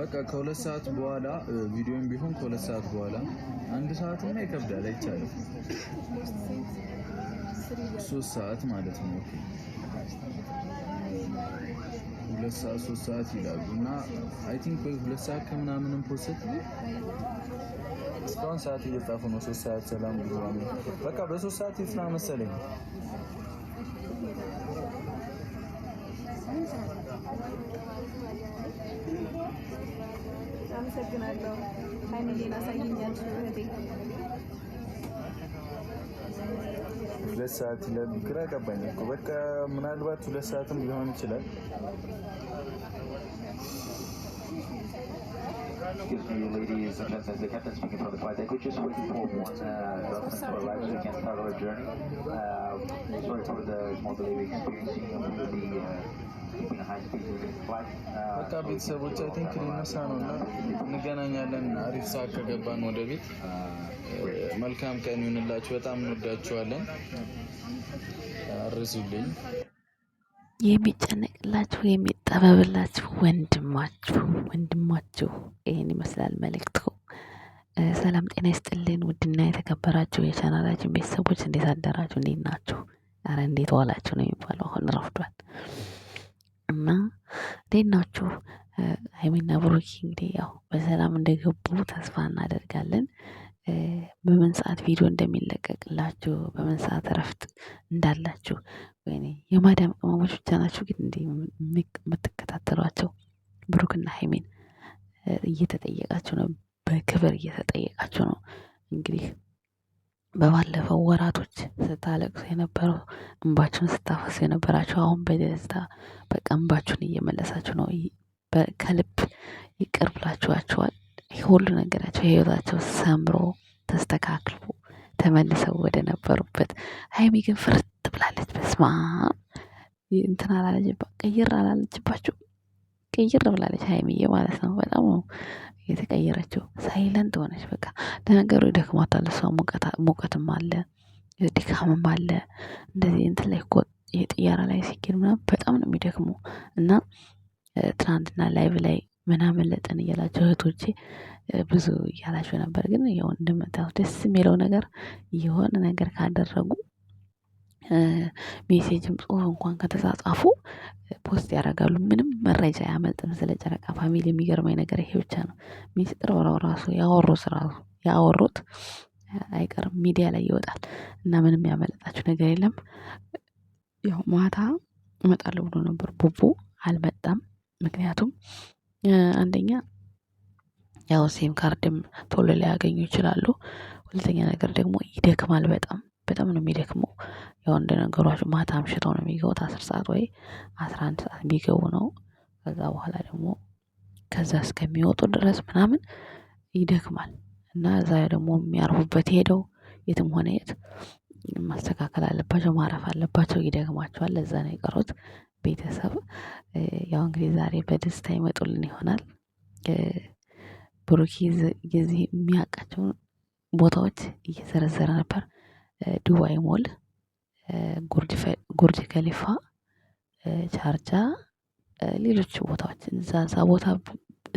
በቃ ከሁለት ሰዓት በኋላ ቪዲዮም ቢሆን ከሁለት ሰዓት በኋላ አንድ ሰዓት እና ይከብዳል፣ አይቻልም። ሶስት ሰዓት ማለት ነው። ሁለት ሰዓት ሶስት ሰዓት ይላሉ እና አይ ቲንክ ሁለት ሰዓት ከምናምንም ፖስት እስካሁን ሰዓት እየጻፉ ነው። ሶስት ሰዓት ሰላም ብሎ በቃ በሶስት ሰዓት ይፍና መሰለኝ ሁለት ሰዓት ይላል። ግራ ገባኝ እኮ በቃ ምናልባት ሁለት ሰዓትም ሊሆን ይችላል። ladies and gentlemen, the captain speaking for the flight deck. we just waiting for one uh, person to arrive so we can start our journey. Uh, for the delay we the uh, በቃ ቤተሰቦች አይ ቲንክ ሊነሳ ነው እና እንገናኛለን። አሪፍ ሰዓት ከገባን ወደ ቤት። መልካም ቀን ይሁንላችሁ። በጣም እንወዳችኋለን። አርሱልኝ። የሚጨነቅላችሁ የሚጠበብላችሁ ወንድማችሁ ወንድማችሁ ይህን ይመስላል መልእክቱ። ሰላም ጤና ይስጥልን። ውድና የተከበራችሁ የቻናላችን ቤተሰቦች እንዴት አደራችሁ? እንዴት ናችሁ? ረ እንዴት ዋላችሁ ነው የሚባለው። አሁን ረፍዷል። እና እንዴት ናችሁ? ሃይሚና ብሩኬ እንግዲህ ያው በሰላም እንደገቡ ተስፋ እናደርጋለን። በምን ሰዓት ቪዲዮ እንደሚለቀቅላችሁ በምን ሰዓት እረፍት እንዳላችሁ ወይኔ የማዳም ቅመሞች ብቻ ናችሁ ግን እንዲ የምትከታተሏቸው ብሩክና ሀይሚን እየተጠየቃችሁ ነው በክብር እየተጠየቃችሁ ነው። እንግዲህ በባለፈው ወራቶች ስታለቅሱ የነበረው እንባችሁን ስታፈሱ የነበራችሁ አሁን በደስታ በቃ እንባችሁን እየመለሳችሁ ነው። ከልብ ይቅር ብላችኋቸዋል። ሁሉ ነገራቸው የህይወታቸው ሰምሮ ተስተካክሎ ተመልሰው ወደ ነበሩበት። ሀይሚ ግን ፍርት ብላለች። በስማ እንትን አላለች፣ ቀይር አላለችባችሁ ቅይር ብላለች ሀይሚዬ ማለት ነው። በጣም ነው የተቀየረችው። ሳይለንት ሆነች። በቃ ለነገሩ ይደክማታል። እሷ ሙቀትም አለ ድካምም አለ። እንደዚህ እንትን ላይ የጥያራ ላይ ሲኬድ ምናምን በጣም ነው የሚደክሙ እና ትናንትና ላይቭ ላይ ምናምን ለጥን እያላቸው እህቶቼ ብዙ እያላቸው ነበር። ግን ያው ደስ የሚለው ነገር የሆነ ነገር ካደረጉ ሜሴጅም ጽሁፍ እንኳን ከተጻጻፉ ፖስት ያደርጋሉ። ምንም መረጃ ያመልጥ ስለ ጨረቃ ፋሚሊ የሚገርመኝ ነገር ይሄ ብቻ ነው። ሚስጥር አውራው ራሱ ያወሩት ራሱ ያወሩት አይቀርም ሚዲያ ላይ ይወጣል እና ምንም ያመለጣችሁ ነገር የለም። ያው ማታ እመጣለሁ ብሎ ነበር ቡቡ አልመጣም። ምክንያቱም አንደኛ ያው ሴም ካርድም ቶሎ ላያገኙ ይችላሉ። ሁለተኛ ነገር ደግሞ ይደክማል በጣም በጣም ነው የሚደክመው። ያው እንደነገሯችሁ ማታ አምሽተው ነው የሚገቡት አስር ሰዓት ወይ አስራ አንድ ሰዓት የሚገቡ ነው። ከዛ በኋላ ደግሞ ከዛ እስከሚወጡ ድረስ ምናምን ይደክማል። እና እዛ ደግሞ የሚያርፉበት ሄደው የትም ሆነ የት ማስተካከል አለባቸው ማረፍ አለባቸው ይደክማቸዋል ለዛ ነው የቀሩት። ቤተሰብ ያው እንግዲህ ዛሬ በደስታ ይመጡልን ይሆናል። ብሩኪ የዚህ የሚያውቃቸውን ቦታዎች እየዘረዘረ ነበር ዱባይ ሞል፣ ጉርጅ ከሊፋ፣ ቻርጃ፣ ሌሎች ቦታዎች ዛዛ ቦታ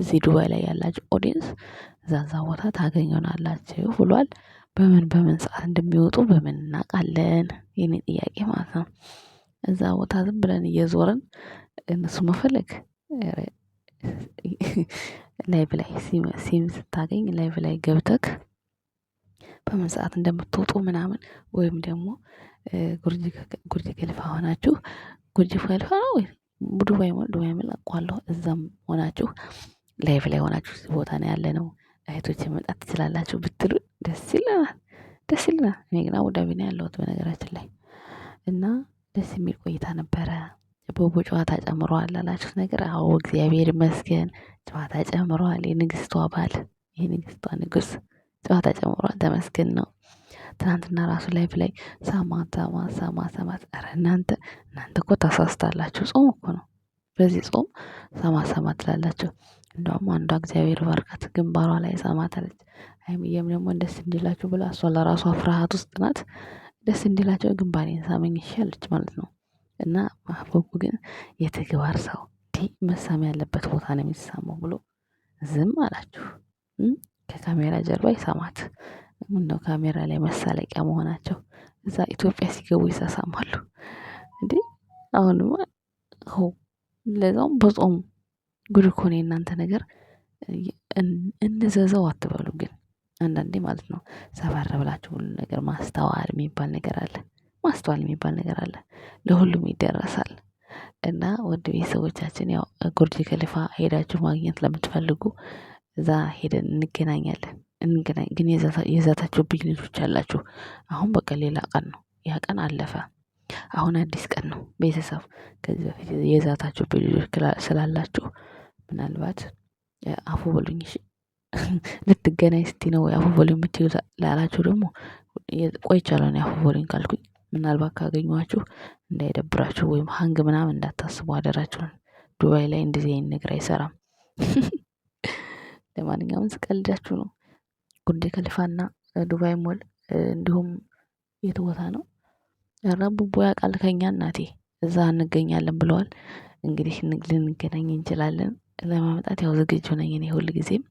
እዚህ ዱባይ ላይ ያላችሁ ኦዲየንስ ዛዛ ቦታ ታገኙናላችሁ ብሏል። በምን በምን ሰዓት እንደሚወጡ በምን እናውቃለን? የኔ ጥያቄ ማለት ነው። እዛ ቦታ ዝም ብለን እየዞርን እነሱ መፈለግ ላይ ብላይ ሲም ስታገኝ ላይ ብላይ ገብተክ በምን ሰዓት እንደምትወጡ ምናምን ወይም ደግሞ ጉርጅ ገልፋ ሆናችሁ ጉርጅ ገልፋ ነው ወይ ዱባይ ሞል ዱባይ ሞል አውቀዋለሁ። እዛም ሆናችሁ ላይቭ ላይ ሆናችሁ እዚህ ቦታ ነው ያለ ነው እህቶቼ መምጣት ትችላላችሁ ብትሉ ደስ ይለናል። ደስ ይለናል። እኔ ግን አቡዳቢ ነው ያለሁት በነገራችን ላይ እና ደስ የሚል ቆይታ ነበረ። ቦቦ ጨዋታ ጨምረዋል ላላችሁት ነገር አዎ እግዚአብሔር ይመስገን ጨዋታ ጨምረዋል የንግስቷ ባል የንግስቷ ንጉስ ጨዋታ ጨምሯል ተመስገን ነው። ትናንትና ራሱ ላይቭ ላይ ሳማን ሳማን ሳማን ሰማት። ኧረ እናንተ እናንተ እኮ ታሳስታላችሁ ጾም እኮ ነው። በዚህ ጾም ሳማን ሳማን ትላላችሁ። እንደውም አንዷ እግዚአብሔር ባርካት ግንባሯ ላይ ሳማት አለች። ሀይሚዬም ደግሞ ደስ እንዲላችሁ ብላ እሷ ለራሷ ፍርሃት ውስጥ ናት። ደስ እንዲላቸው ግንባሬን ሳመኝ ይሻለች ማለት ነው። እና ማህበቡ ግን የተግባር ሰው መሳም ያለበት ቦታ ነው የሚሳመው ብሎ ዝም አላችሁ። ከካሜራ ጀርባ ይሳማት ምነው ካሜራ ላይ መሳለቂያ መሆናቸው እዛ ኢትዮጵያ ሲገቡ ይሳሳማሉ እንዴ አሁንማ ሆ ለዛውም በጾም ጉድ እኮ ነው የእናንተ ነገር እንዘዘው አትበሉ ግን አንዳንዴ ማለት ነው ሰፈር ብላችሁ ሁሉ ነገር ማስተዋል የሚባል ነገር አለ ማስተዋል የሚባል ነገር አለ ለሁሉም ይደረሳል እና ወደ ቤተሰቦቻችን ያው ጉርጅ ከሊፋ ሄዳችሁ ማግኘት ለምትፈልጉ እዛ ሄደን እንገናኛለን። እንገናኝ ግን የዛታችሁብኝ ልጆች አላችሁ። አሁን በቃ ሌላ ቀን ነው፣ ያ ቀን አለፈ። አሁን አዲስ ቀን ነው። ቤተሰብ ከዚህ በፊት የዛታችሁብኝ ልጆች ስላላችሁ ምናልባት አፉ በሉኝ። እሺ ልትገናኝ ስቲ ነው ወይ አፉ በሉኝ የምትዩ ላላችሁ ደግሞ ቆይቻለሁ አፉ በሉኝ ካልኩኝ ምናልባት ካገኘኋችሁ እንዳይደብራችሁ ወይም ሀንግ ምናምን እንዳታስቡ አደራችሁን። ዱባይ ላይ እንደዚህ አይነት ነገር አይሰራም። ለማንኛውም ስቀልዳችሁ ነው። ጉርጅ ከሊፋና ዱባይ ሞል እንዲሁም የት ቦታ ነው? ኧረ ቡቦ ያውቃል ከኛ እናቴ እዛ እንገኛለን ብለዋል። እንግዲህ ልንገናኝ እንችላለን ለማምጣት ያው ዝግጁ ነኝ እኔ ሁል ጊዜም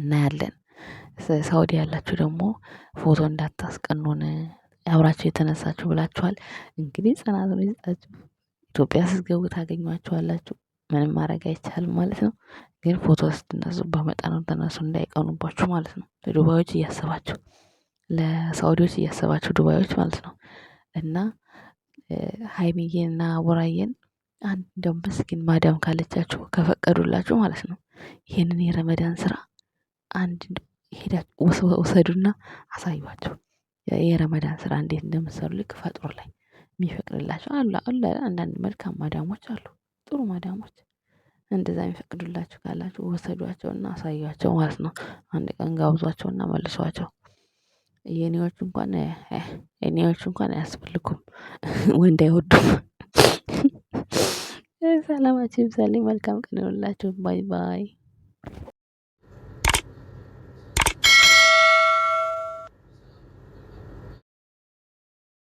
እናያለን። ሳውዲ ያላችሁ ደግሞ ፎቶ እንዳታስቀኑን አብራችሁ የተነሳችሁ ብላችኋል። እንግዲህ ነው ይስጣችሁ። ኢትዮጵያ ስትገቡ ታገኟችኋላችሁ። ምንም ማድረግ አይቻልም ማለት ነው። ግን ፎቶ ስትነሱ በመጠኑ ተነሱ እንዳይቀኑባችሁ ማለት ነው። ለዱባዮች እያሰባችሁ ለሳውዲዎች እያሰባችሁ ዱባዮች ማለት ነው። እና ሀይሚዬን እና ቡራዬን አንድ እንደው ምስኪን ማዳም ካለቻችሁ ከፈቀዱላችሁ ማለት ነው ይህንን የረመዳን ስራ አንድ ሄዳችሁ ውሰዱና አሳዩዋቸው። የረመዳን ስራ እንዴት እንደምትሰሩ ልክ ፈጥሮ ላይ የሚፈቅድላቸው አሉ። አንዳንድ መልካም ማዳሞች አሉ። ጥሩ ማዳሞች እንደዛ የሚፈቅዱላችሁ ካላችሁ ወሰዷቸውና አሳያቸው ማለት ነው። አንድ ቀን ጋብዟቸውና መልሷቸው። የኔዎች እንኳን የኔዎች እንኳን አያስፈልጉም ወንድ አይወዱም። ሰላማችሁ ይብዛልኝ። መልካም ቀን ይሁንላችሁ። ባይ ባይ